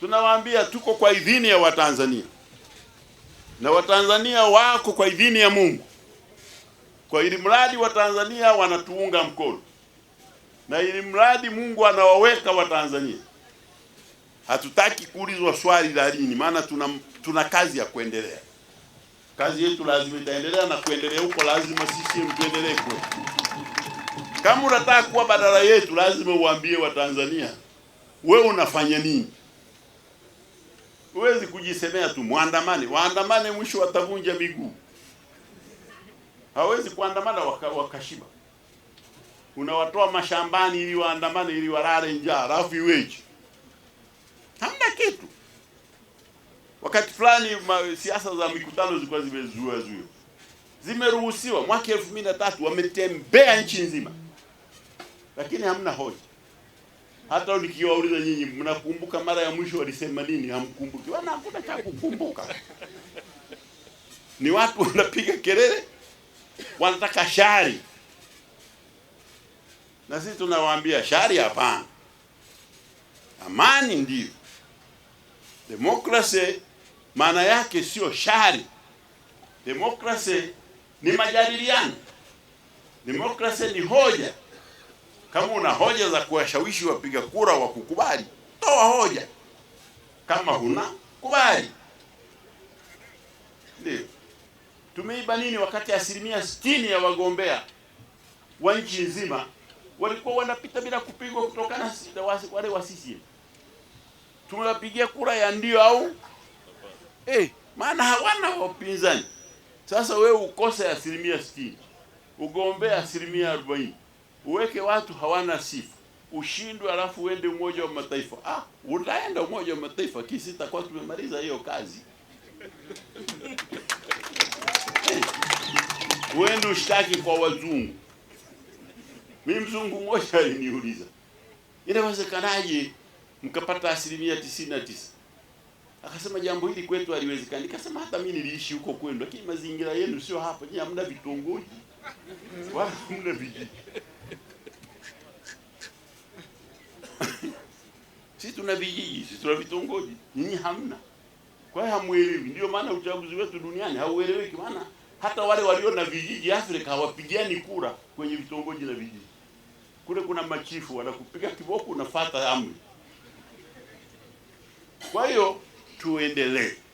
Tunawaambia tuko kwa idhini ya Watanzania na Watanzania wako kwa idhini ya Mungu, kwa ili mradi Watanzania wanatuunga mkono na ili mradi Mungu anawaweka Watanzania. Hatutaki kuulizwa swali la lini, maana tuna, tuna kazi ya kuendelea. Kazi yetu lazima itaendelea na kuendelea huko lazima sisi tuendelee kwetu. Kama unataka kuwa badala yetu, lazima uambie Watanzania wewe unafanya nini. Huwezi kujisemea tu mwandamane, waandamane, mwisho watavunja miguu. Hawezi kuandamana waka, wakashiba. Unawatoa mashambani ili waandamane, ili walale njaa, alafu iweje? Hamna kitu. Wakati fulani siasa za mikutano zilikuwa zimezua zuo, zimeruhusiwa mwaka elfu mbili na tatu, wametembea nchi nzima, lakini hamna hoja. Hata nikiwauliza nyinyi, mnakumbuka mara ya mwisho walisema nini? Hamkumbuki, wana hakuna cha kukumbuka. Ni watu wanapiga kelele, wanataka shari, na sisi tunawaambia shari hapana, amani ndiyo. Demokrasi maana yake sio shari. Demokrasi ni majadiliano, demokrasi ni hoja kama una hoja za kuwashawishi wapiga kura wa kukubali, toa hoja. Kama huna kubali. Ndio tumeiba nini, wakati asilimia sitini ya wagombea wa nchi nzima walikuwa wanapita bila kupigwa kutokana wale wa CCM. Tumewapigia kura ya ndio au eh, maana hawana wapinzani. Sasa wewe ukose asilimia sitini ugombea asilimia arobaini uweke watu hawana sifa, ushindwe, alafu uende Umoja wa Mataifa. Ah, utaenda Umoja wa Mataifa kisi takuwa tumemaliza hiyo kazi uende eh, ushtaki kwa wazungu. Mi mzungu mmoja aliniuliza inawezekanaje mkapata asilimia tisini na tisa? Akasema jambo hili kwetu haliwezekani. Nikasema hata mimi niliishi huko kwenu, lakini mazingira yenu sio hapa. Nyinyi hamna vitongoji wala hamna vijiji. Sisi tuna vijiji, sisi tuna vitongoji, nyinyi hamna. Kwa hiyo hamuelewi. Ndio maana uchaguzi wetu duniani haueleweki, maana hata wale walio na vijiji Afrika hawapigiani kura kwenye vitongoji na vijiji. Kule kuna machifu wanakupiga kiboko, unafuata amri. Kwa hiyo tuendelee.